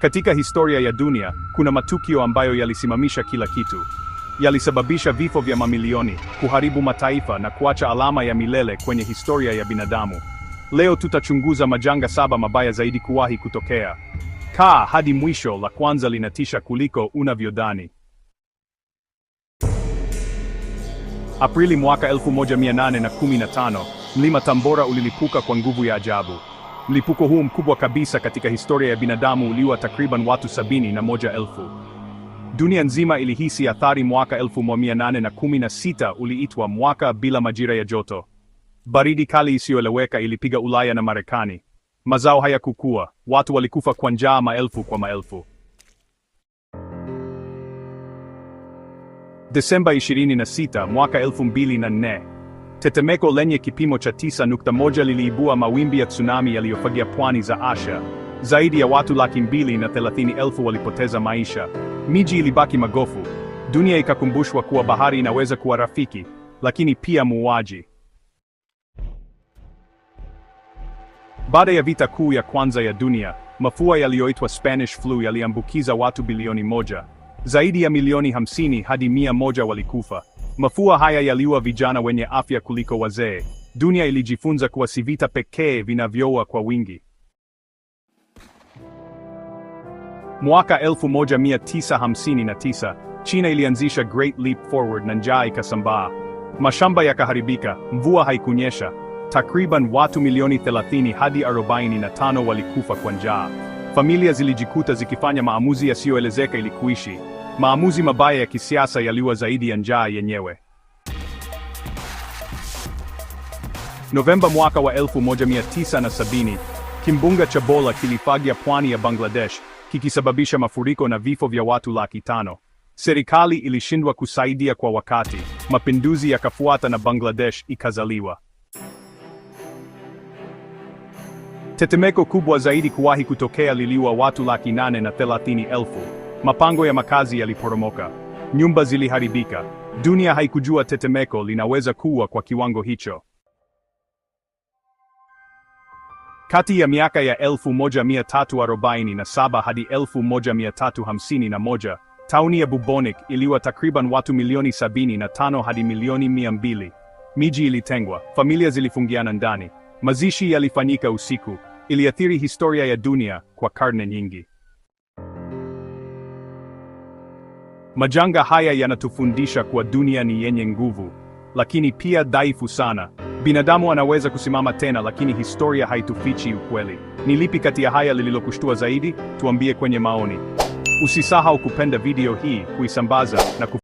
Katika historia ya dunia, kuna matukio ambayo yalisimamisha kila kitu. Yalisababisha vifo vya mamilioni, kuharibu mataifa na kuacha alama ya milele kwenye historia ya binadamu. Leo tutachunguza majanga saba mabaya zaidi kuwahi kutokea. Kaa hadi mwisho, la kwanza linatisha kuliko unavyodhani. Aprili mwaka 1815, mlima Tambora ulilipuka kwa nguvu ya ajabu. Mlipuko huu mkubwa kabisa katika historia ya binadamu uliua takriban watu sabini na moja elfu. Dunia nzima ilihisi athari. Mwaka 1816 uliitwa mwaka bila majira ya joto. Baridi kali isiyoeleweka ilipiga Ulaya na Marekani. Mazao hayakukua, watu walikufa kwa njaa maelfu kwa maelfu. Desemba 26 mwaka 2004 Tetemeko lenye kipimo cha 9.1 liliibua mawimbi ya tsunami yaliyofagia pwani za Asia. Zaidi ya watu laki mbili na thelathini elfu walipoteza maisha. Miji ilibaki magofu. Dunia ikakumbushwa kuwa bahari inaweza kuwa rafiki, lakini pia muuaji. Baada ya vita kuu ya kwanza ya dunia, mafua yaliyoitwa Spanish flu yaliambukiza watu bilioni moja. Zaidi ya milioni hamsini hadi mia moja walikufa. Mafua haya yaliua vijana wenye afya kuliko wazee. Dunia ilijifunza kuwa si vita pekee vinavyoua kwa wingi. Mwaka 1959, China ilianzisha Great Leap Forward na njaa ikasambaa. Mashamba yakaharibika, mvua haikunyesha. Takriban watu milioni 30 hadi 45 walikufa kwa njaa. Familia zilijikuta zikifanya maamuzi yasiyoelezeka ili kuishi. Maamuzi mabaya ya kisiasa yaliwa zaidi ya njaa yenyewe. Novemba mwaka wa 1970, kimbunga cha Bola kilifagia pwani ya Bangladesh, kikisababisha mafuriko na vifo vya watu laki tano. Serikali ilishindwa kusaidia kwa wakati, mapinduzi yakafuata na Bangladesh ikazaliwa. Tetemeko kubwa zaidi kuwahi kutokea liliua watu laki nane na thelathini elfu. Mapango ya makazi yaliporomoka, nyumba ziliharibika. Dunia haikujua tetemeko linaweza kuwa kwa kiwango hicho. Kati ya miaka ya 1347 hadi 1351, tauni ya Bubonic iliwa takriban watu milioni 75 hadi milioni 200. Miji ilitengwa, familia zilifungiana ndani, mazishi yalifanyika usiku. Iliathiri historia ya dunia kwa karne nyingi. Majanga haya yanatufundisha kuwa dunia ni yenye nguvu, lakini pia dhaifu sana. Binadamu anaweza kusimama tena, lakini historia haitufichi ukweli. Ni lipi kati ya haya lililokushtua zaidi? Tuambie kwenye maoni. Usisahau kupenda video hii, kuisambaza na